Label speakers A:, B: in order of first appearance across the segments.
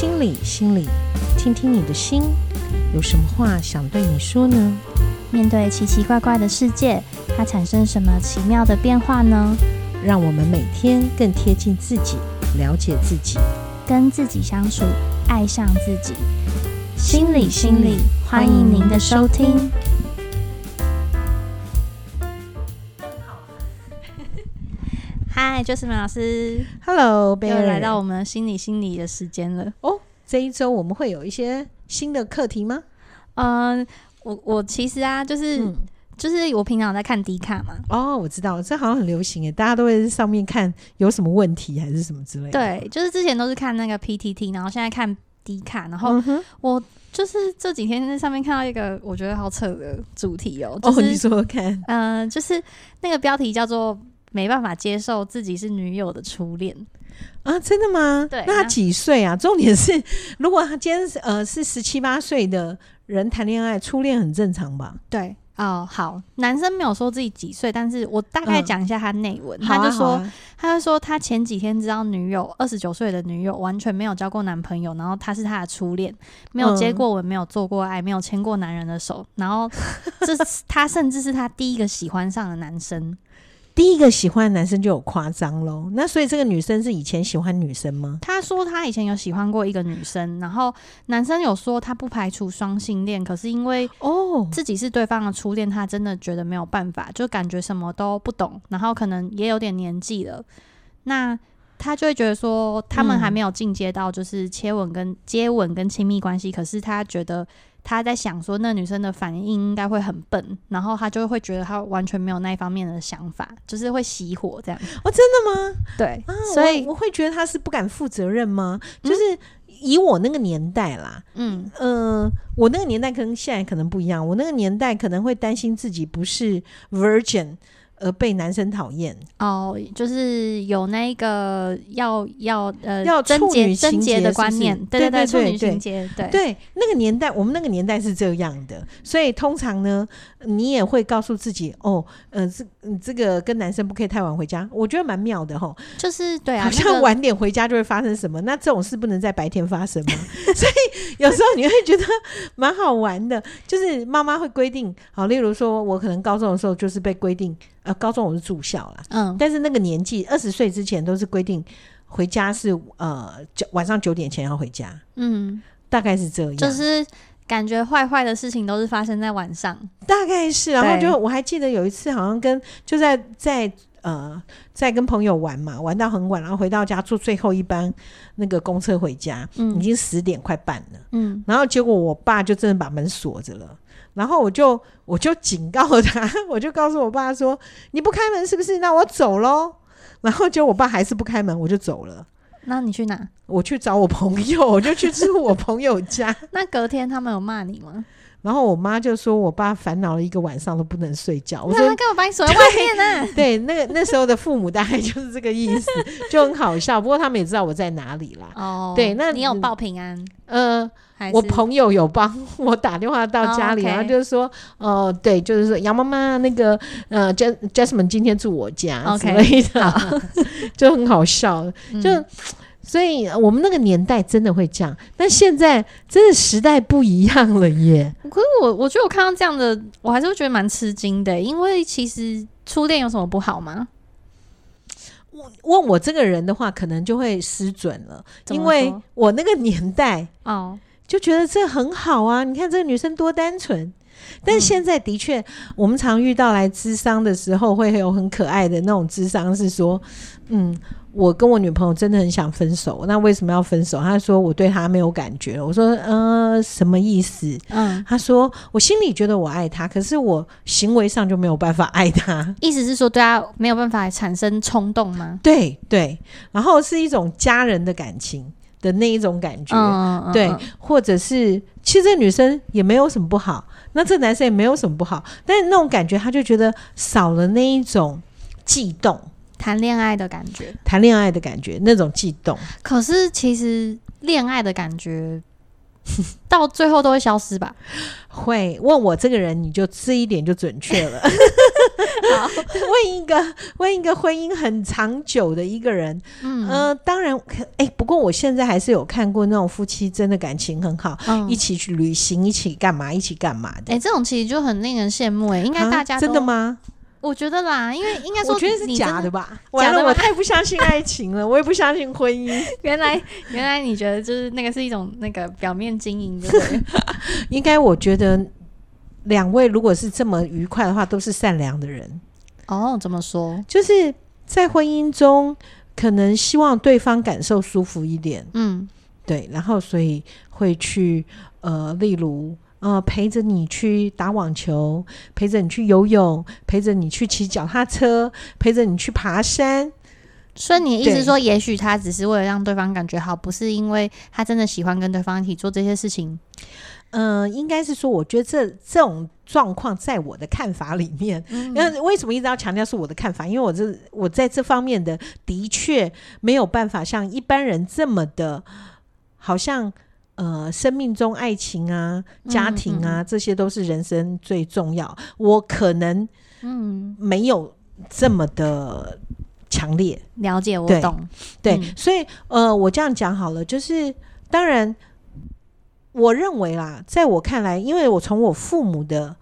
A: 心理，心裡，聽聽你的心，有什麼話想對你說呢？面對奇奇怪怪的世界，它產生什麼奇妙的變化呢？讓我們每天更貼近自己，了解自己，跟自己相處，愛上自己。心理，心裡，歡迎您的收聽。就是馬老師，Hello，、Bear. 又來到我們心理心理的時間了。哦，這一周我們
B: 會有一些新的課題嗎？嗯、呃，
A: 我我其實啊，就是、嗯、就是我平常在看迪卡嘛。
B: 哦，我知道這好像很流行誒，大家都會在上面看有什麼問題還是什麼之類的。對，
A: 就是之前都是看那個 PTT，然後現在看迪卡，然後、嗯、我就是這幾天在上面看到一個我覺得好扯的主題哦、喔就是。哦，你說說看。嗯、呃，就是那個標題叫做。沒辦法接受自己是女友的初戀
B: 啊？真的嗎？對，那，那他幾歲啊？重點是，如果他今天呃是十七八歲的人談戀愛，初戀很正常吧？對，哦、呃，好，男生沒有說自己幾歲，但是我大概講一下
A: 他內文、嗯，他就說好啊好啊，他就說他前幾天知道女友二十九歲的女友完全沒有交過男朋友，然後他是他的初戀，沒有接過吻、嗯，沒有做過愛，沒有牽過男人的手，然後這是他甚至是他第一個喜歡上的男生。
B: 第一個喜歡的男生就有誇張嘍，那所以這個女生是以前喜歡女生嗎？
A: 她說她以前有喜歡過一個女生，然後男生有說他不排除雙性戀，可是因為哦自己是對方的初戀，他真的覺得沒有辦法，就感覺什麼都不懂，然後可能也有點年紀了，那他就會覺得說他們還沒有進階到就是接吻跟接吻跟親密關係，可是他覺得。他在想說，那女生的反應應該會很笨，然後他就會覺得他完全沒有那一方面的想法，就是會
B: 熄火這樣子。哦，真的嗎？對、啊、所以我，我會覺得他是不敢負責任嗎、嗯？就是以我那個年代啦，嗯、呃、嗯，我那個年代跟現在可能不一樣，我那個年代可能會擔心自己不是 virgin。而被男生討厭哦，
A: 就是有那個要要呃要處女情結的觀念，是是對對對處女情結對對，對，對，
B: 對，對那個年代，我們那個年代是這樣的，所以通常呢，你也會告訴自己哦，呃這、嗯、這個跟男生不可以太晚回家，我覺得蠻妙的哈，就是對啊，好像晚點回家就會發生什麼，那，個，那這種事不能在白天發生嗎？ 所以有時候你會覺得蠻好玩的， 就是媽媽會規定，好，例如說我可能高中的時候就是被規定。呃，高中我是住校了，嗯，但是那個年紀二十歲之前都是規定回家是呃，九晚上九點前要回家，嗯，大概是這樣，就是
A: 感覺壞壞的事情都是發生在晚上，
B: 大概是，然後就我還記得有一次好像跟就在在。呃，在跟朋友玩嘛，玩到很晚，然後回到家坐最後一班那個公車回家，嗯，已經十點快半了，嗯，然後結果我爸就真的把門鎖着了，然後我就我就警告了他，我就告訴我爸說，你不開門是不是？那我走嘍。然後結果我爸還是不開門，我就走了。那你去哪？我去找我朋友，我就去住我朋友家。
A: 那隔天他們有罵你嗎？
B: 然後我媽就說：“我爸煩惱了一個晚上都不能睡覺。”我說：“幹嘛把你鎖在外面呢、啊？”對，那個那時候的父母大概就是這個意思， 就很好笑。不過他們也知道我在哪裡啦。
A: 哦，對，那你有報平安？呃，我朋
B: 友有幫我打電話到家裡，哦 okay、然後就是說：“哦、呃，對，就是說楊媽媽那個呃，Jess Jasmine 今天住我家可以、okay, 的， 就很好笑。嗯”就。所以，我們那個年代真的會這樣，但現在真的時代不一樣了耶。可是我，我
A: 覺得我看到這樣的，我還是會覺得蠻吃驚的，因為其實初戀有什麼不好嗎？
B: 我問我這個人的話，可能就會失準了，因為我那個年代哦，就覺得這很好啊，你看這個女生多單純。但現在的確、嗯，我們常遇到來諮商的時候，會有很可愛的那種諮商，是說，嗯。我跟我女朋友真的很想分手。那為什麼要分手？她說我對她沒有感覺。我說呃，什麼意思？嗯，她說我心裡覺得我愛她，可是我行為上就沒有辦法愛她。
A: 意思是說對她沒有辦法產生衝動嗎？
B: 對對，然後是一種家人的感情的那一種感覺，嗯嗯嗯嗯，對，或者是其實這女生也沒有什麼不好，那這男生也沒有什麼不好，但是那種感覺他就覺得少了那一種悸動。談戀愛的感覺，談戀愛的感覺，那種悸動。可是其實
A: 戀愛的感覺到最後都會消失吧？
B: 會？問我這個人，你就這一點就準確了。 好，問一個問一個婚姻很長久的一個人，嗯，呃、當然，哎、欸，不過我現在還是有看過那種夫妻真的感情很好，嗯、一起去旅行，一起幹嘛，一起幹嘛的。哎、欸，
A: 這種其實就很令人羨慕、欸。哎，應該大家都、啊、真的嗎？我覺得啦，因為應該說，我覺得是假的
B: 吧？假的，我
A: 太不相信
B: 愛情了， 我也不相信婚姻。
A: 原來，原來你覺得就是那個是一種那個表面經營，對不對？
B: 應該我覺得，兩位如果是這麼愉快的話，都是善良的人。哦，怎麼說？就是在婚姻中，可能希望對方感受舒服一點。嗯，對，然後所以會去呃，例如。呃，陪着你去打網球，陪着你去游泳，陪着你去騎腳踏車，陪着你去爬山。所以你的意思說，
A: 也許他只是為了讓對方感覺好，不是因為
B: 他真的喜歡跟對方一起做這些事情。嗯、呃，應該是說，我覺得這這種狀況，在我的看法裡面，那、嗯、為什麼一直要強調是我的看法？因為我這我在這方面的的確沒有辦法像一般人這麼的，好像。呃，生命中愛情啊、家庭啊，嗯嗯、這些都是人生最重要。嗯、我可能嗯沒有這麼的強烈了解，我懂對、嗯，所以呃，我這樣講好了，就是當然，我認為啦，在我看來，因為我從我父母的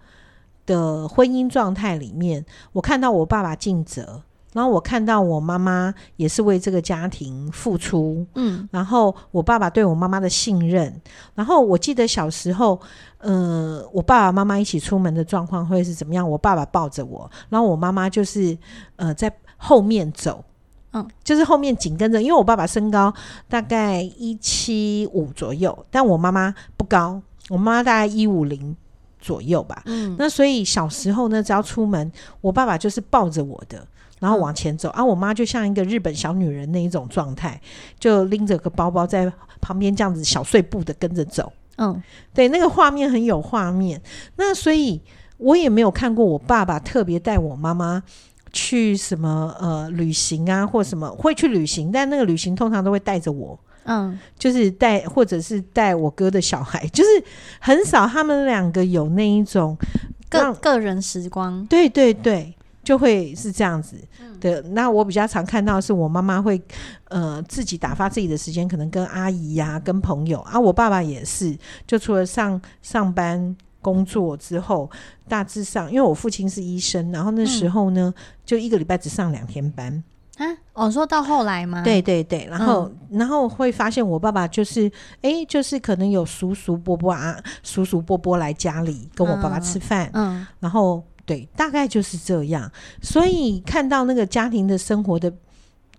B: 的婚姻狀態裡面，我看到我爸爸盡責。然後我看到我媽媽也是為這個家庭付出，嗯，然後我爸爸對我媽媽的信任，然後我記得小時候，呃，我爸爸媽媽一起出門的狀況會是怎麼樣？我爸爸抱着我，然後我媽媽就是呃在後面走，嗯，就是後面緊跟着，因為我爸爸身高大概一七五左右，但我媽媽不高，我媽媽大概一五零左右吧，嗯，那所以小時候呢，只要出門，我爸爸就是抱着我的。然後往前走、嗯、啊！我媽就像一個日本小女人那一種狀態，就拎着個包包在旁邊這樣子小碎步的跟着走。嗯，對，那個畫面很有畫面。那所以我也沒有看過我爸爸特別帶我媽媽去什麼呃旅行啊，或什麼會去旅行，但那個旅行通常都會帶着我。嗯，就是帶或者是帶我哥的小孩，就是很少他們兩個有那一種個個人時光。對對對。就會是這樣子的。那我比較常看到的是我媽媽會，呃，自己打發自己的時間，可能跟阿姨呀、啊、跟朋友啊。我爸爸也是，就除了上上班工作之後，大致上，因為我父親是醫生，然後那時候呢，嗯、就一個禮拜只上兩天班。
A: 啊，我，說到後來嗎？對對對，然後、
B: 嗯、然後會發現我爸爸就是，哎，就是可能有叔叔伯伯啊，叔叔伯伯來家裡跟我爸爸吃飯，嗯，嗯然後。對，大概就是這樣。所以看到那個家庭的生活的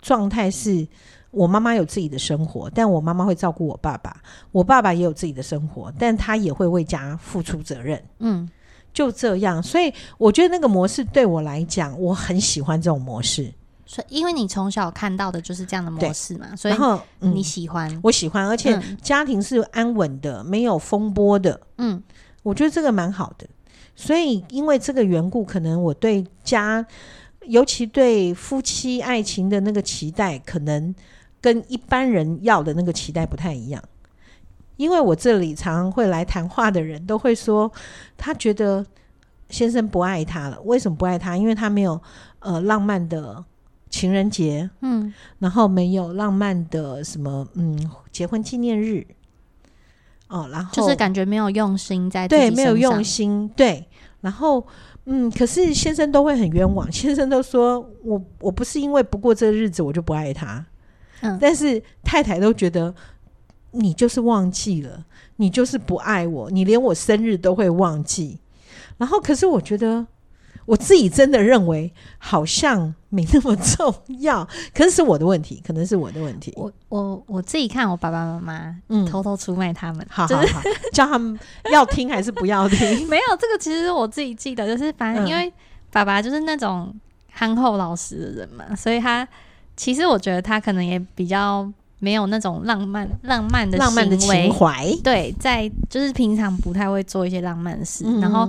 B: 狀態是，我媽媽有自己的生活，但我媽媽會照顧我爸爸；我爸爸也有自己的生活，但他也會為家付出責任。嗯，就這樣。所以我覺得那個模式對我來講，我很喜歡這種模式。
A: 所以因為你從小看到的就是這樣的模式嘛，所以然後，
B: 嗯，你喜歡，我喜歡，而且家庭是安穩的，嗯，沒有風波的。嗯，我覺得這個蠻好的。所以，因為這個緣故，可能我對家，尤其對夫妻愛情的那個期待，可能跟一般人要的那個期待不太一樣。因為我這裡常常會來談話的人都會說，他覺得先生不愛他了。為什麼不愛他？因為他沒有呃浪漫的情人節，嗯，然後沒有浪漫的什麼，嗯，結婚紀念日。哦，然後就是感覺沒有用心在對，沒有用心對。然後，嗯，可是先生都會很冤枉，先生都說，我我不是因為不過這日子，我就不愛他。嗯，但是太太都覺得你就是忘記了，你就是不愛我，你連我生日都會忘記。然後，可是我覺得。我自己真的認為好像沒那麼重要，可能是我的問題，可能是我的問題。我
A: 我我自己看我爸爸媽媽，嗯，偷偷出賣他們，嗯、好好好，叫、就是、 他們要聽還是不要聽？ 沒有這個，其實我自己記得，就是反正因為爸爸就是那種憨厚老實的人嘛，所以他其實我覺得他可能也比較沒有那種浪漫浪漫的浪漫的情懷，對，在就是平常不太會做一些浪漫的事，嗯、然後。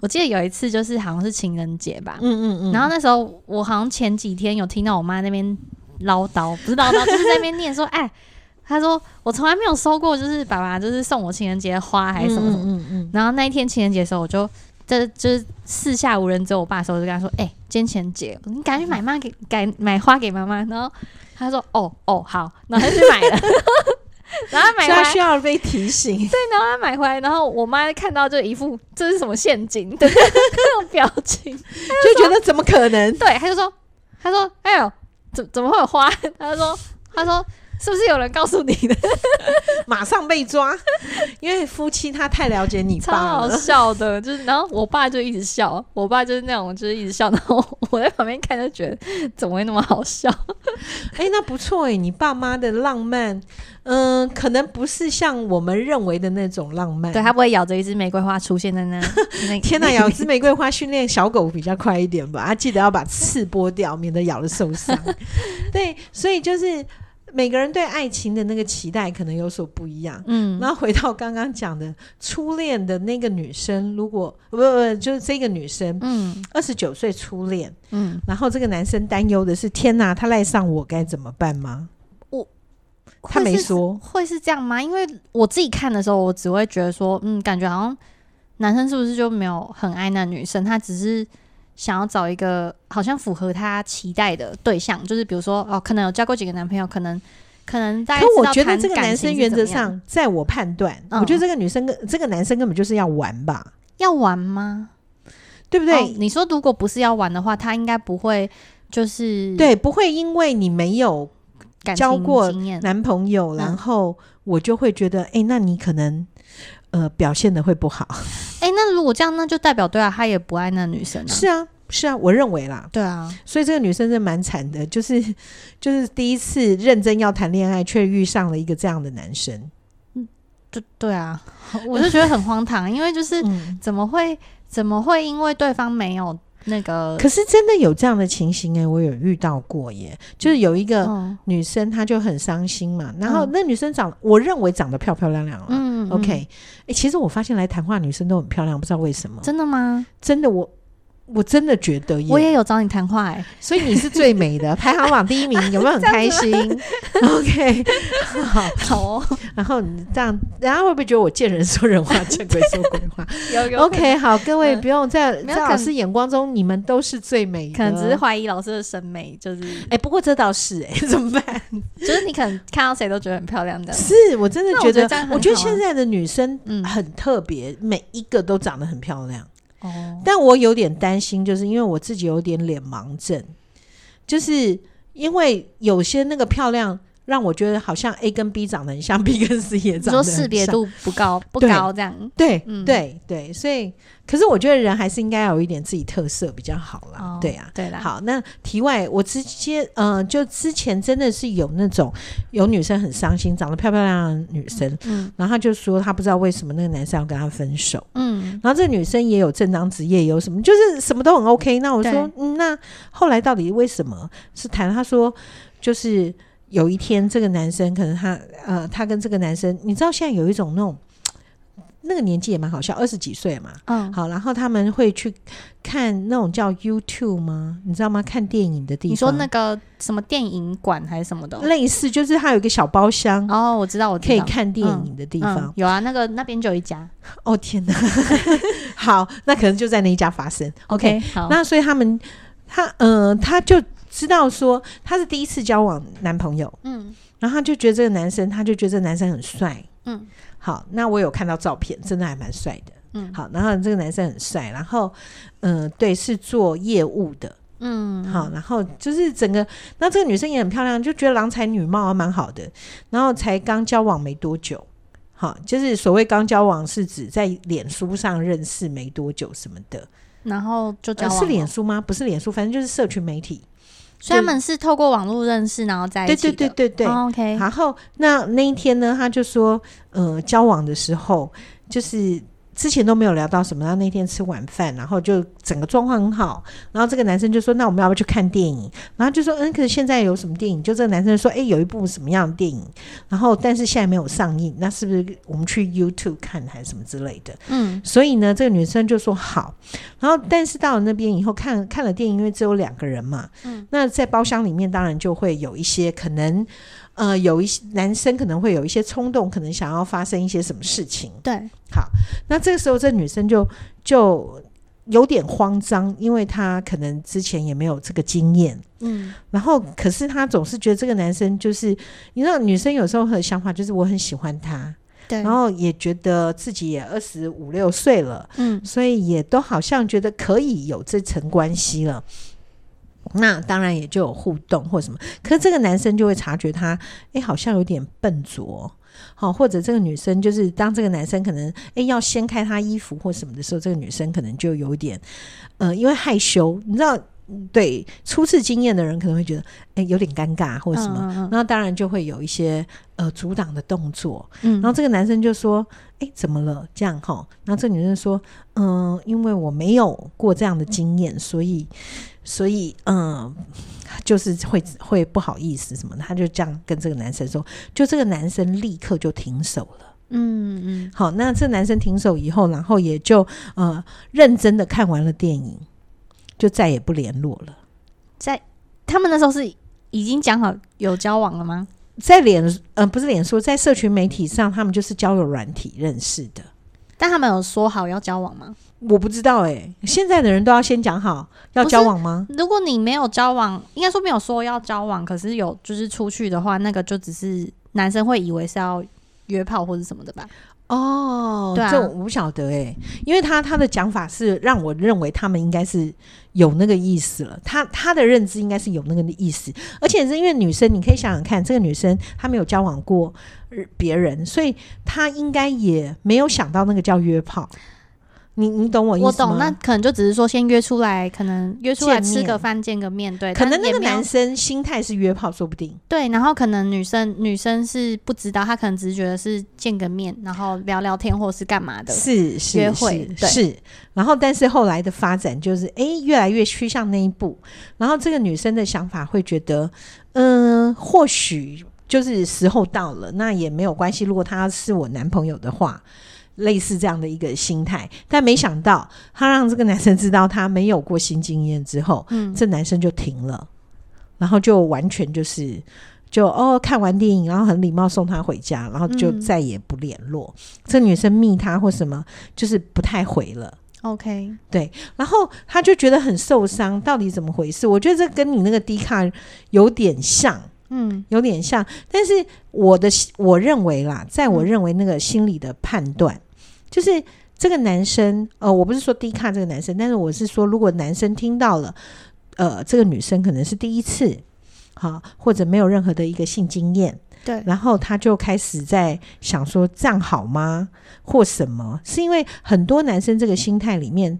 A: 我記得有一次，就是好像是情人節吧，嗯嗯嗯。然後那時候我好像前幾天有聽到我媽那邊嘮叨，不是嘮叨，就是在那邊念說：“哎、 欸，她說我從來沒有收過，就是爸爸就是送我情人節的花還是什麼什麼。嗯嗯嗯”然後那一天情人節的時候，我就在就是四下無人只有我爸的時候我就跟他說：“哎、欸，今天情人節，你趕緊買媽給，趕緊買花給媽媽。”然後他說：“哦哦，好，然後就去買了。 ” 然後買回來他需要被提醒， 對，然後他買回來，然後我媽看到這一副這是什麼陷阱，對， 這種表情就，就覺得怎麼可能？ 對，他就說，他說，
B: 哎呦，怎怎麼會有花？ 他就說，他說。是不是有人告訴你的？ 馬上被抓，因為夫妻他太了解你爸了，超好笑的。就是，然後我爸就一直笑，我爸就是那種，就是一直笑。然後我在旁邊看，就覺得怎麼會那麼好笑？哎、欸，那不錯哎、欸，你爸媽的浪漫，嗯、呃，可能不是像我們認為的那種浪漫。對，他不會咬着一隻玫瑰花出現在那。 天哪， 咬隻玫瑰花訓練小狗比較快一點吧？他、啊、記得要把刺剝掉，免得咬了受傷。 對，所以就是。每個人對愛情的那個期待可能有所不一樣。嗯，那回到剛剛講的初戀的那個女生，如果不不，不，不就是這個女生，嗯，二十九歲初戀，嗯，然後這個男生擔憂的是，天哪、啊，他賴上我該怎麼辦嗎？我他沒說
A: 會是這樣嗎？因為我自己看的時候，我只會覺得說，嗯，感覺好像男生是不是就沒有很愛那女生，他只是。想要找一個好像符合他期待的對象，就是比如說哦，可能有交過幾個男朋友，可能可能大概。可我覺得這個男生原則上，
B: 在我判斷、嗯，我覺得這個女生跟這個男生根本就是要玩吧？
A: 要玩嗎？對不對？哦、你說如果不是要玩的話，他應該不會就是
B: 對，不會因為你沒有交過男朋友、嗯，然後我就會覺得哎、欸，那你可能。呃，表現得會不好。
A: 哎、欸，那如果這樣，那
B: 就代表對啊，他也不愛那女生、啊。是啊，是啊，我認為啦，對啊，所以這個女生是蠻慘的，就是就是第一次認真要談戀愛，卻遇上了一個這樣的男生。嗯，
A: 就對啊，我就覺得很荒唐， 因為就是、 嗯、怎麼會怎麼會因為對方沒有。那個可是
B: 真的有這樣的情形哎、欸，我有遇到過耶，嗯、就是有一個女生，她就很傷心嘛、嗯。然後那女生長，我認為長得漂漂亮亮了嗯，OK，哎、嗯嗯欸，其實我發現來談話女生都很漂亮，不知道為什麼。真的嗎？真的，我我真的覺得耶，我
A: 也有找你談話哎、欸，
B: 所以你是最美的 排行榜第一名， 有沒有很開心？ OK，好 好哦。然後這樣，大家會不會覺得我見人說人話，見鬼說鬼話 ？OK，好，各位不用在、嗯、在老師眼光中，你們都是最美的。可能只是
A: 懷疑老師的審美，就是哎、
B: 欸，不過這倒是哎、欸，怎麼辦？
A: 就是你可能看到誰都覺得很漂亮的， 是我真的覺得，我覺得現
B: 在的女生很特別、嗯，每一個都長得很漂亮。哦、但我有點擔心，就是因為我自己有點臉盲症，就是。嗯因為有些那個漂亮。讓我覺得好像 A 跟 B 長得很像，B 跟 C 也長得很像。你說識別度不高，不高這樣。對對、嗯、對，對，所以，可是我覺得人還是應該有一點自己特色比較好啦。哦、對啊，對啦。好，那題外，我直接，嗯、呃，就之前真的是有那種有女生很傷心，長得漂漂亮亮的女生，嗯，然後他就說她不知道為什麼那個男生要跟她分手，嗯，然後這個女生也有正當職業，有什麼就是什麼都很 OK。那我說，嗯，那後來到底為什麼是談？他說就是。有一天，這個男生可能他呃，他跟這個男生，你知道現在有一種那種那個年紀也蠻好笑，二十幾歲嘛。嗯。好，然後他們會去看那種叫 YouTube 嗎？你知道嗎？看電影的地方，你說那個什麼電影館還是什麼的，類似就是他有一個小包廂哦，我知道，我知道可以看電影的地方、嗯嗯、有啊，那個那邊就有一家。哦天哪！ 好，那可能就在那一家發生。OK，okay 好，那所以他們他嗯、呃，他就。知道說他是第一次交往男朋友，嗯，然後他就覺得這個男生，他就覺得這個男生很帥，嗯，好，那我有看到照片，真的還蠻帥的，嗯，好，然後這個男生很帥，然後，嗯、呃，對，是做業務的，嗯，好，然後就是整個，那這個女生也很漂亮，就覺得郎才女貌、啊，還蠻好的，然後才剛交往沒多久，好，就是所謂剛交往是指在臉書上認識沒多久什麼的，
A: 然後就交往、呃、是臉
B: 書嗎？不是臉書，反正就是社群媒體。所以他們是
A: 透過網絡認識，然後在一起。對對對對對，對，對。哦，okay。然
B: 後那那一天呢，他就說，呃，交往的時候就是。之前都沒有聊到什麼，然後那天吃晚飯，然後就整個狀況很好。然後這個男生就說：“那我們要不要去看電影？”然後就說：“嗯，可是現在有什麼電影？”就這個男生說：“欸，有一部什麼樣的電影？”然後但是現在沒有上映，那是不是我們去 YouTube 看還是什麼之類的？嗯，所以呢，這個女生就說：“好。”然後但是到了那邊以後，看看了電影，因為只有兩個人嘛，嗯，那在包廂裡面當然就會有一些可能。呃，有一些男生可能會有一些衝動，可能想要發生一些什麼事情。對，好，那這個時候這女生就就有點慌張，因為她可能之前也沒有這個經驗。嗯，然後可是她總是覺得這個男生就是，你知道，女生有時候的想法就是我很喜歡他，對，然後也覺得自己也二十五六歲了，嗯，所以也都好像覺得可以有這層關係了。那當然也就有互動或什麼，可是這個男生就會察覺她，哎、欸，好像有點笨拙，好、哦，或者這個女生就是，當這個男生可能哎、欸、要掀開她衣服或什麼的時候，這個女生可能就有點，呃，因為害羞，你知道。對初次經驗的人可能會覺得哎、欸、有點尷尬或者什麼，那、嗯嗯嗯、當然就會有一些呃阻擋的動作。嗯，然後這個男生就說：“哎、欸，怎麼了？這樣吼？”那這女生說：“嗯、呃，因為我沒有過這樣的經驗，所以所以嗯、呃，就是會會不好意思什麼。”她就這樣跟這個男生說，就這個男生立刻就停手了。嗯嗯,嗯，好，那這男生停手以後，然後也就呃認真的看完了電影。就再也不聯絡了。在他
A: 們那時候是已經講好有交往了嗎？
B: 在臉嗯、呃、不是臉書，在社群媒體上，他們就是交友軟體認識的。
A: 但他們有說好要交往嗎？我不知
B: 道誒、欸，現在的
A: 人都要先講
B: 好要交
A: 往嗎？ 如果你沒有交往，應該說沒有說要交往，可是有就是出去的話，那個就只是男生會以為是要。約炮或者什麼的吧？
B: 哦，對，這我不曉得欸。因為他他的講法是讓我認為他們應該是有那個意思了，他他的認知應該是有那個意思，而且是因為女生，你可以想想看，這個女生她沒有交往過別人，所以她應該也沒有想到那個叫約炮。你你懂我意思嗎？我懂，那
A: 可能就只是說先約出來，可能約出來吃個飯、見個面，對。可能那個男生心態是約
B: 炮，說不定。
A: 對，然後可能女生女生是不知道，她可能只是覺得是見個面，然後聊聊天，或是幹嘛的。是，是，是約會，是。
B: 然後，但是後來的發展就是，誒、欸，越來越趨向那一步。然後，這個女生的想法會覺得，嗯、呃，或許就是時候到了，那也沒有關係，如果他是我男朋友的話。類似這樣的一個心態，但沒想到他讓這個男生知道他沒有過新經驗之後，嗯，這男生就停了，然後就完全就是就哦看完電影，然後很禮貌送他回家，然後就再也不聯絡，嗯。這女生密他或什麼，就是不太回了。OK，對，然後他就覺得很受傷，到底怎麼回事？我覺得這跟你那個 D 卡有點像，嗯，有點像。但是我的我認為啦，在我認為那個心理的判斷。嗯就是這個男生，呃，我不是說低看這個男生，但是我是說，如果男生聽到了，呃，這個女生可能是第一次，好、啊，或者沒有任何的一個性經驗，對，然後他就開始在想說，這樣好嗎？或什麼？是因為很多男生這個心態裡面，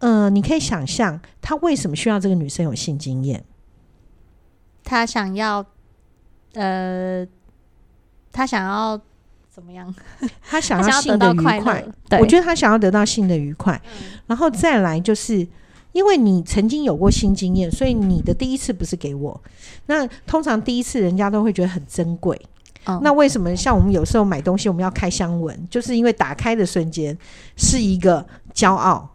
B: 呃，你可以想象他為什麼需要這個女生有性經驗？
A: 他想要，呃，他想要。
B: 怎麼樣？ 他想要性的愉快，我覺得他想要得到性的愉快。嗯、然後再來就是，因為你曾經有過性經驗，所以你的第一次不是給我。那通常第一次人家都會覺得很珍貴。那為什麼像我們有時候買東西，我們要開箱文，就是因為打開的瞬間是一個驕傲。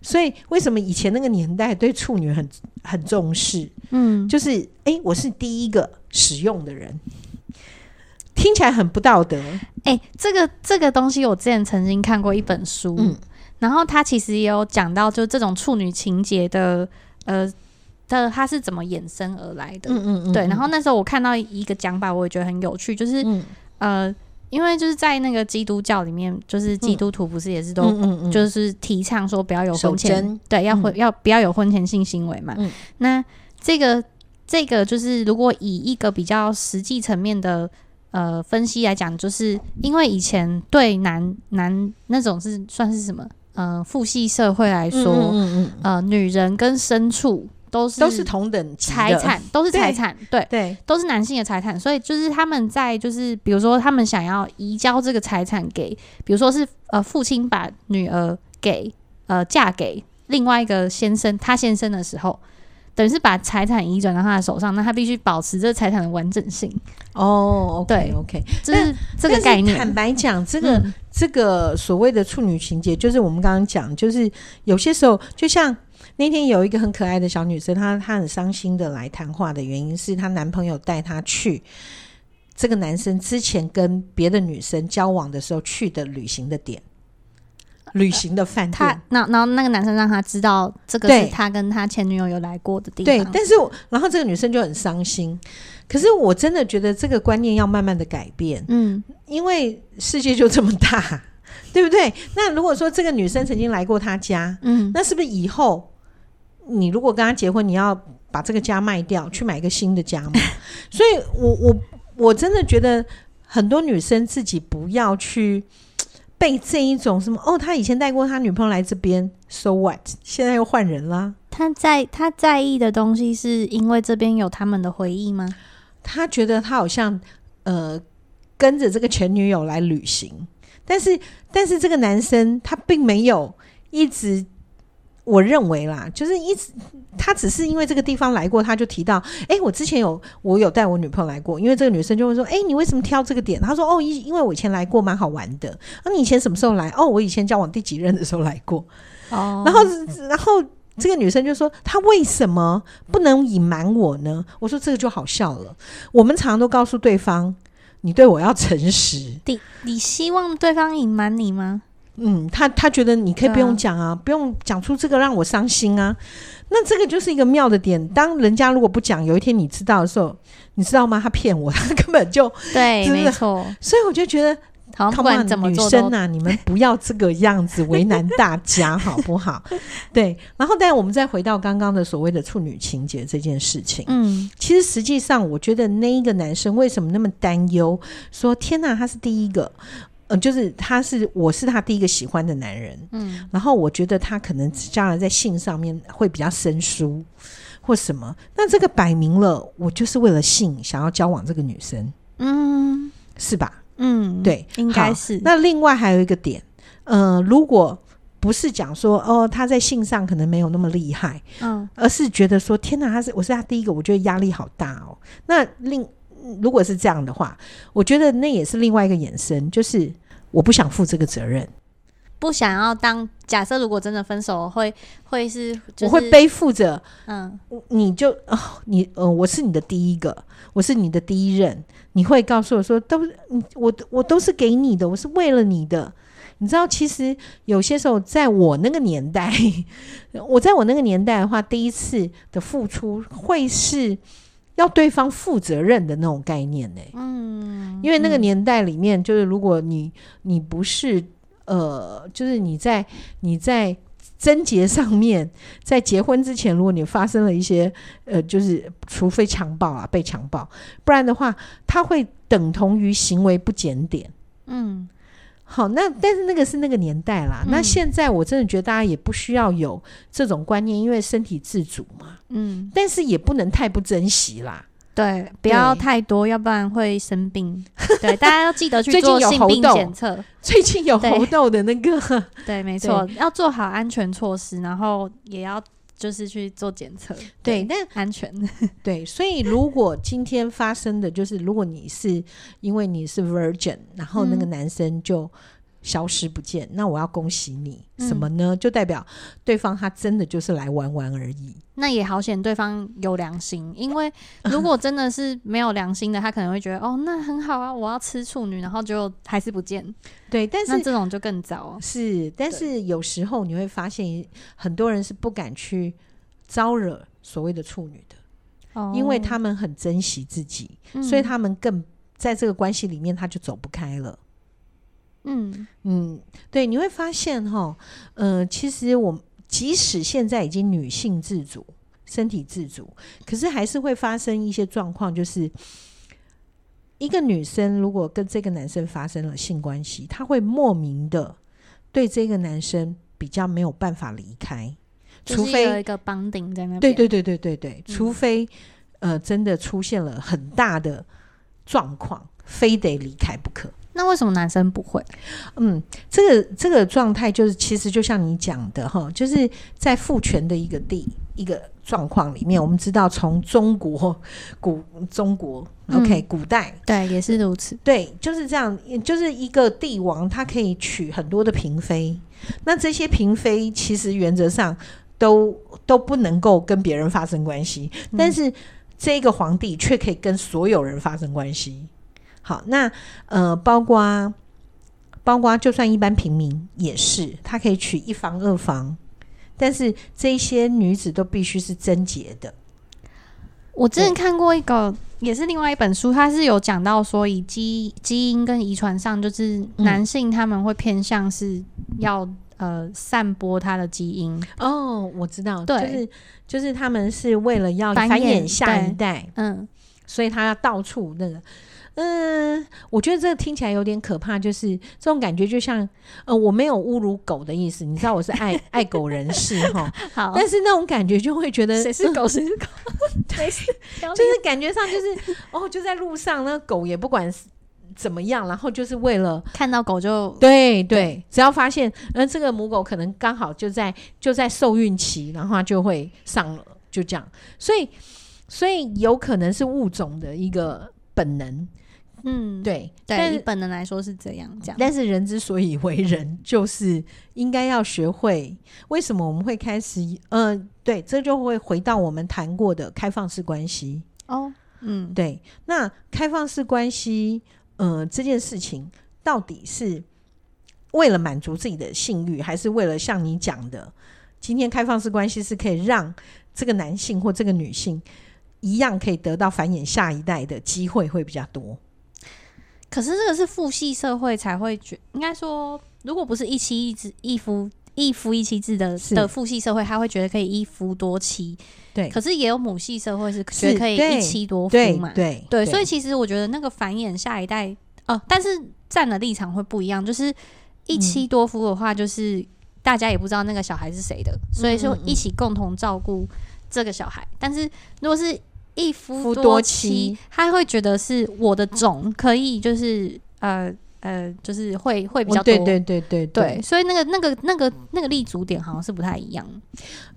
B: 所以為什麼以前那個年代對處女很很重視？嗯，就是哎、欸，我是第一個使用的人。聽起來很不道德
A: 哎、欸，這個這個東西我之前曾經看過一本書，嗯、然後他其實也有講到，就這種處女情結的，呃的它是怎麼衍生而來的，嗯嗯,嗯對。然後那時候我看到一個講法，我也覺得很有趣，就是、嗯、呃，因為就是在那個基督教裡面，就是基督徒不是也是都嗯嗯嗯就是提倡說不要有婚前，對，要婚、嗯、要不要有婚前性行為嘛？嗯、那這個這個就是如果以一個比較實際層面的。呃，分析來講，就是因為以前對男男那種是算是什麼？嗯、呃，父系社會來說，嗯嗯嗯嗯嗯呃，女人跟牲畜都是都是同等財產，都是財產，對對，對，都是男性的財產。所以就是他們在就是比如說他們想要移交這個財產給，比如說是呃父親把女兒給呃嫁給另外一個先生，他先生的時候。等於是把財產移轉到他的手上，那他必須保持這個財產的完整性。哦、oh, okay，對，OK，這是這個概念。坦白
B: 講，這個、嗯、這個所謂的處女情結，就是我們剛剛講，就是有些時候，就像那天有一個很可愛的小女生，她她很傷心的來談話的原因是，她男朋友帶她去這個男生之前跟別的女生交往的時候去的旅行的點。旅行的飯店，
A: 那然後那個男生讓他知道這個是他跟他前女友有來過的地方對。對，但
B: 是我，然後這個女生就很傷心。可是我真的覺得這個觀念要慢慢的改變，嗯，因為世界就這麼大，對不對？那如果說這個女生曾經來過他家，嗯，那是不是以後你如果跟他結婚，你要把這個家賣掉去買一個新的家嗎？ 所以我我我真的覺得很多女生自己不要去。被這一種什麼哦，他以前帶過他女朋友來這邊，so what？現在又換人了啊？他在他在意的東西，是因為這邊有他們的回憶嗎？他覺得他好像呃，跟着這個前女友來旅行，但是但是這個男生他並沒有一直。我認為啦，就是一直他只是因為這個地方來過，他就提到，哎、欸，我之前有我有帶我女朋友來過，因為這個女生就會說，哎、欸，你為什麼挑這個點？他說，哦，因因為我以前來過，蠻好玩的。那、啊、你以前什麼時候來？哦，我以前交往第幾任的時候來過。哦、oh.，然後然後這個女生就說，他為什麼不能隱瞞我呢？我說這個就好笑了。我們常常都告訴對方，你對我要誠實。你希望對
A: 方隱瞞你嗎？
B: 嗯，他他覺得你可以不用講啊、嗯，不用講出這個讓我傷心啊。那這個就是一個妙的點，當人家如果不講，有一天你知道的時候，你知道嗎？他騙我，他根本就對，沒錯。所以我就覺得，好不管怎麼女生吶、啊，你們不要這個樣子為難大家，好不好？ 對。然後，但我們再回到剛剛的所謂的處女情結這件事情，嗯，其實實際上，我覺得那一個男生為什麼那麼擔憂？說天吶，他是第一個。嗯，就是他是，我是他第一個喜歡的男人。嗯，然後我覺得他可能將來在性上面會比較生疏或什麼。那這個擺明了，我就是為了性想要交往這個女生，嗯，是吧？嗯，對，應該是。那另外還有一個點，呃，如果不是講說哦，他在性上可能沒有那麼厲害，嗯，而是覺得說天哪，他是我是他第一個，我覺得壓力好大哦。那另如果是這樣的話，我覺得那也是另外一個衍生，就是。我不想負這個責任，
A: 不想要當假設，如果真的分手，會會是，就是，我會背負着，
B: 嗯，你就，哦，你呃，我是你的第一個，我是你的第一任，你會告訴我說，都我我都是給你的，我是為了你的，你知道，其實有些時候，在我那個年代， 我在我那個年代的話，第一次的付出會是。要對方負責任的那種概念呢，欸，嗯？嗯，因為那個年代裡面，就是如果你你不是呃，就是你在你在貞潔上面，在結婚之前，如果你發生了一些呃，就是除非強暴啊，被強暴，不然的話，他會等同於行為不檢點。
A: 嗯。
B: 好，那但是那個是那個年代啦，嗯。那現在我真的覺得大家也不需要有這種觀念，因為身體自主嘛。
A: 嗯，
B: 但是也不能太不珍惜啦。
A: 對，不要太多，要不然會生病。 對，大家要記得去做性病檢測。最近有猴痘的那個，對，對沒錯，要做好安全措施，然後也要。就是去做檢測，
B: 對，那安全， 對，所以如果今天發生的就是，如果你是 因為你是 virgin，然後那個男生就。消失不見，那我要恭喜你。嗯，什麼呢？就代表對方他真的就是來玩玩而已。
A: 那也好險對方有良心，因為如果真的是沒有良心的， 他可能會覺得哦，那很好啊，我要吃處女，然後就還
B: 是不見。對，但是那這種就更糟啊。是，但是有時候你會發現，很多人是不敢去招惹所謂的處女的，
A: 因為他
B: 們很珍惜自己，嗯。所以他們更在這個關係裡面，他就走不開了。嗯嗯，對，你會發現哈，呃，其實我即使現在已經女性自主、身體自主，可是還是會發生一些狀況，就是一個女生如果跟這個男生發生了性關係，她會莫名的對這個男生比較沒有辦法離開、就是，除非一
A: 個 bonding 在那，對對對
B: 對對對，對、嗯，除非呃真的出現了很大的狀況，非得離開不可。那為什麼男生不會？嗯，這個這個狀態就是，其實就像你講的哈，就是在父權的一個地一個狀況裡面、嗯，我們知道從中國古中國 OK、嗯、古代對也是如此，嗯、對就是這樣，就是一個帝王他可以娶很多的嬪妃， 那這些嬪妃其實原則上都都不能夠跟別人發生關係、嗯，但是這個皇帝卻可以跟所有人發生關係。好，那呃，包括包括就算一般平民也是，他可以娶一房二房，但是這些女子都必須是貞潔的。我之前看
A: 過一個，也是另外一本書，它是有講到說，以基基因跟遺傳上，就是男性他們會偏向是要、嗯、呃散播他的基因。
B: 哦，我知道，對，就是就是他們是為了要繁衍下一代，嗯，所以他要到處那個。嗯，我覺得這個聽起來有點可怕，就是這種感覺，就像呃，我沒有侮辱狗的意思，你知道我是愛 愛狗人士哈。好，但是那種感覺就會覺得誰是狗誰是狗，就、嗯、誰是,狗 誰是，就是感覺上就是 哦，就在路上那狗也不管怎麼樣，然後就是為了看到狗就對對,對，只要發現呃這個母狗可能剛好就在就在受孕期，然後他就會上了就這樣，所以所以有可能是物種的一個本能。嗯對，對，但是本能來說是這樣講。但是人之所以為人，就是應該要學會為什麼我們會開始，呃，對，這就會回到我們談過的開放式關係哦，嗯，對。那開放式關係，呃，這件事情到底是為了滿足自己的性慾，還是為了像你講的，今天開放式關係是可以讓這個男性或這個女性一樣可以得到繁衍下一代的機會會比較多？可是這個是父系社會
A: 才會覺得，應該說，如果不是一妻一夫，一夫一夫一妻制的的父系社會，他會覺得可以一夫多妻。對，可是也有母系社會是是可以一妻多夫嘛。對對，所以其實我覺得那個繁衍下一代哦，但是站的立場會不一樣。就是一妻多夫的話，就是大家也不知道那個小孩是誰的，所以說一起共同照顧這個小孩。但是如果是一夫多妻，他會覺得是我的種可以，就是呃
B: 呃，就是會會比較多，對對對對對,對,對。所以那個那個那個那個立足點好像是不太一樣。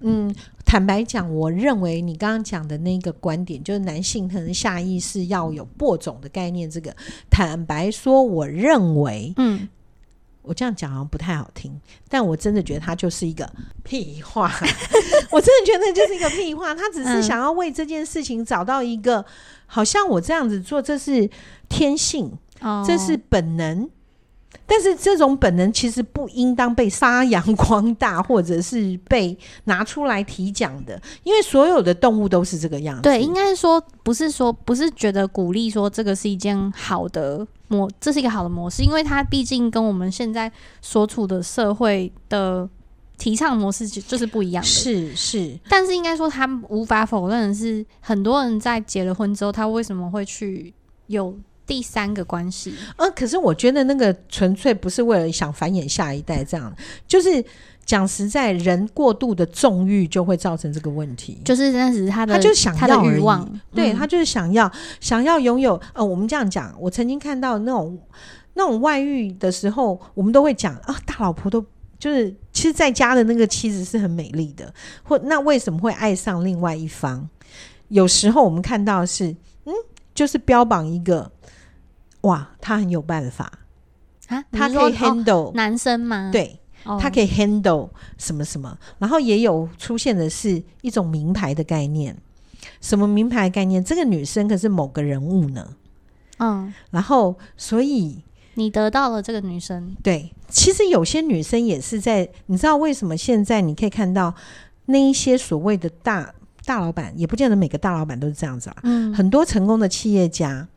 B: 嗯，坦白講，我認為你剛剛講的那個觀點，就是男性可能下意識要有播種的概念。這個，坦白說，我認為，嗯。我這樣講好像不太好聽，但我真的覺得他就是一個屁話， 我真的覺得就是一個屁話。他只是想要為這件事情找到一個，嗯、好像我這樣子做這是天性，哦，這是本能。但是這種本能其實不應當被發揚光大，或者是被拿出來提獎的，因為所有的動物都是這個樣子。對，應該說，不
A: 是說，不是覺得鼓勵說這個是一件好的模，這是一個好的模式，因為它畢竟跟我們現在所處的社會的提倡模式就就是不一樣。是是，但是應該說，他無法否認的是，很多人在結了婚之後，他為什麼會去有。第三個關係，
B: 呃，可是我覺得那個純粹不是為了想繁衍下一代，這樣就是講實在，人過度的縱慾就會造成這個問題。就是那是他的，他就想要他的慾望，嗯、對，他就是想要想要擁有。呃，我們這樣講，我曾經看到那種那種外遇的時候，我們都會講啊、呃，大老婆都就是其實在家的那個妻子是很美麗的，或那為什麼會愛上另外一方？有時候我們看到是，嗯，就是標榜一個。哇，他很有辦法啊！
A: 他可以 handle 男生嗎？對，
B: 他可以 handle 什麼什麼？Oh. 然後也有出現的是一種名牌的概念，什麼名牌概念？這個女生可是某個人物呢。嗯、oh.，然後所以你得到
A: 了這個女生。
B: 對，其實有些女生也是在你知道為什麼現在你可以看到那一些所謂的大大老闆，也不見得每個大老闆都是這樣子啦。嗯，很多成功的企業家。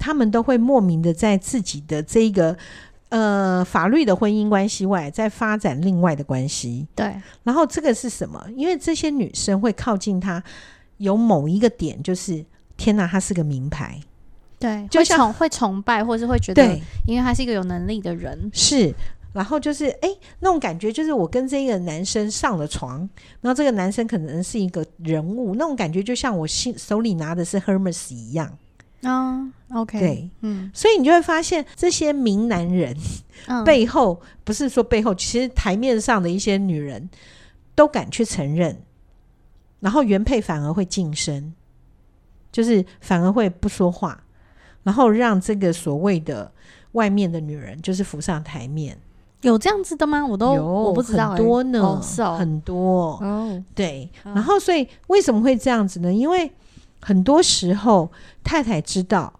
B: 他們都會莫名的在自己的這個呃法律、的婚姻關係外，在發展另外的關係。對，然後這個是什麼？因為這些女生會靠近他，有某一個點，就是天哪、啊，他是個名牌。對，就像會崇、會崇拜，或是會覺得，因為他是一個有能力的人。是，然後就是哎、欸，那種感覺就是我跟這個男生上了床，然後這個男生可能是一個人物，那種感覺就像我心手裡拿的是 Hermes 一樣。
A: 嗯 OK 對，
B: 嗯，所以你就會發現這些名男人、嗯、背後不是說背後，其實台面上的一些女人都敢去承認，然後原配反而會晉升，就是反而會不說話，然後讓這個所謂的外面的女人就是浮上台面，有這樣子的嗎？我都我不知道，很多呢，哦、是、哦、很多、嗯、對、嗯，然後所以為什麼會這樣子呢？因為很多時候，太太知道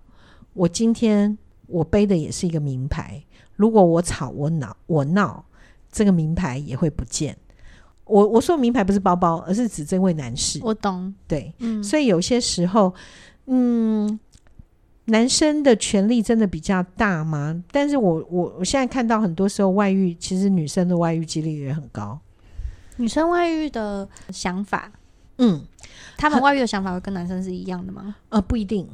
B: 我今天我背的也是一個名牌。如果我吵我鬧我鬧，我鬧，這個名牌也會不見。我我說名牌不是包包，而是指這位男士。我懂，對，嗯，所以有些時候，嗯，男生的權利真的比較大嗎？但是我我我現在看到很多時候外遇，其實女生的外遇幾率也很高。女生外
A: 遇的想法，嗯。他們外遇的想法會跟男生是一樣的嗎？
B: 呃、啊，不一定，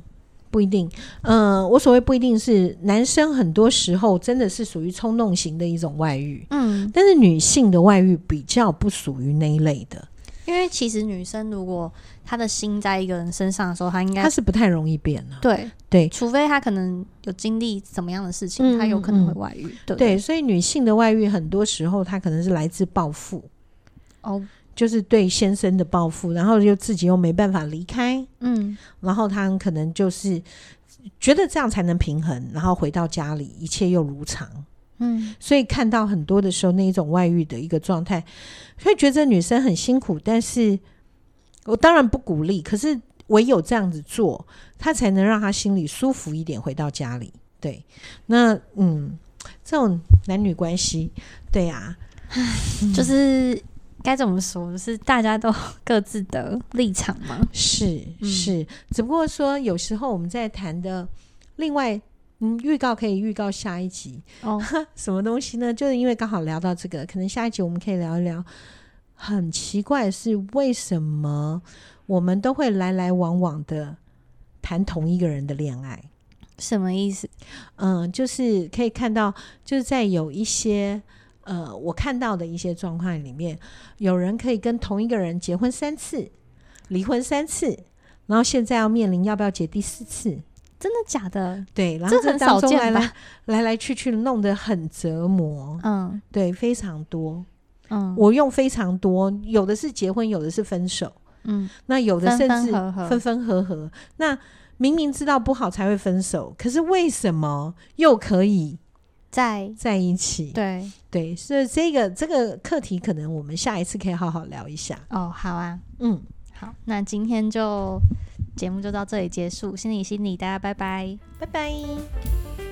B: 不一定。嗯、呃，我所謂不一定是男生，很多時候真的是屬於衝動型的一種外遇。嗯，但是女性的外遇比較不屬於那一類的，
A: 因為其實女生如果她的心在一個人身上的時候，她應該她是不
B: 太容易變的、啊。對對，
A: 除非她可能有經歷什麼樣的事情嗯嗯嗯，她有可能會外
B: 遇。對對，對，對，所以女性的外遇很多時候她可能是來自報復。哦。就是對先生的報復，然後又自己又沒辦法離開，嗯，然後他可能就是覺得這樣才能平衡，然後回到家裡一切又如常，嗯，所以看到很多的時候那一種外遇的一個狀態，會覺得女生很辛苦，但是我當然不鼓勵，可是唯有這樣子做，他才能讓他心裡舒服一點，回到家裡。對，那，嗯，這種男女關係，對呀，嗯，就是。該怎麼說？是大家都各自的立場嗎？是是，只不過說有時候我們在談的，另外，嗯，預告可以預告下一集哦，什麼東西呢？就是因為剛好聊到這個，可能下一集我們可以聊一聊。很奇怪，是為什麼我們都會來來往往的談同一個人的戀愛？什麼意思？嗯，就是可以看到，就是在有一些。呃，我看到的一些狀況裡面，有人可以跟同一個人結婚三次，離婚三次，然後現在要面臨要不要結第四次，真的假的？對，然後這當中來來，這很少見吧？來來去去弄得很折磨。嗯，對，非常多。嗯，我用非常多，有的是結婚，有的是分手。嗯，那有的甚至分分合合。分分合合，那明明知道不好才會分手，可是為什麼又可以？在在一起，對對，所以這個這個課題，可能我們下一次可以好好
A: 聊一下。哦，好啊，嗯，好，那今天就節目就到這裡結束，心理心裡，大家拜拜，拜拜。